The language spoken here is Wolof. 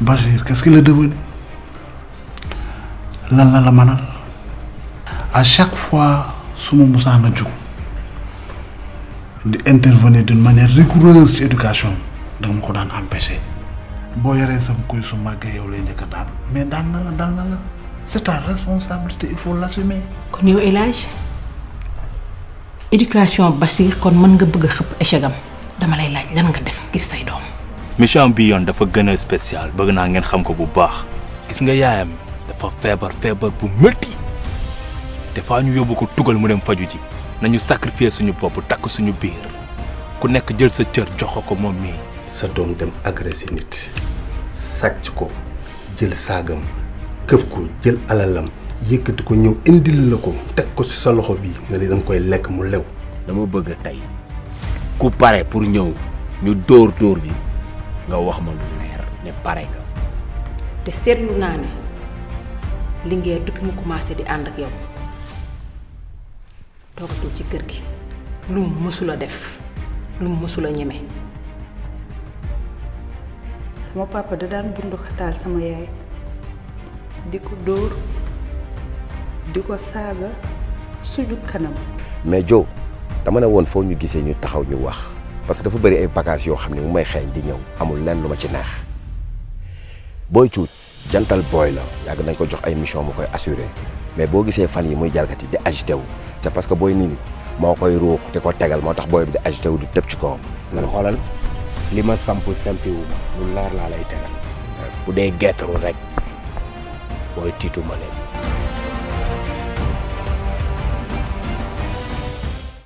Bachir qu'est-ce qu'il est devenu lan la la manal à chaque fois su ma musaan a jóg intervenir d'une manière rigoureuse ci éducation donc ko daan empêcher boo yoree sam kuy su màggee yow lay njëkk a mais daan na la na la c'est ta responsabilité il faut l'assumer kon yow El éducation éducation Bachir kon mën nga bëgg a xëpp échec am dama lay laaj lan nga def gis say doom mission bi yoon dafa gën a spécial bëgg naa ngeen xam ko bu baax gis nga yaayam dafa feebar feebar bu métti des fois ñu yóbbu ko tugal mu dem faju ji nañu sacrifier suñu bopp takk suñu biir ku nekk jël sa cër jox ko ko moom mi sa doom dem agressé nit sàcc ko jël saagam këf ko jël alalam yëkkati ko ñëw indil la ko teg ko ci sa loxo bi nga ne danga koy lekk mu lew. dama bëgg tey ku pare pour ñëw ñu dóor dóor bi. nga wax ma lu leer ne pare nga te seetlu naa ne lingeer depuis mu commencé di ànd ak yow toogatul ci kër gi lu mu mësula def lu mu mësula ñeme sama papa da daan bundu xataal sama yaay di ko dóor di ko saaga suñu kanam mais jo dama ne woon foo ñu gisee ñu taxaw ñu wax parce que dafa bëri ay bagages yoo xam ne mu may xeeñ di ñëw amul lenn lu ma ci neex booy cuuj jantal booy la yàgg nañ ko jox ay mission mu koy assuré mais boo gisee fan yi muy jalgati di agité wu c'est parce que booy nii moo koy ruux di ko tegal moo tax booy bi di agité wu di tëb ci kawam. man xoolal li ma samp simpi wu ma lu leer laa lay tegal bu dee gerteewul rek booy tiitu ma leen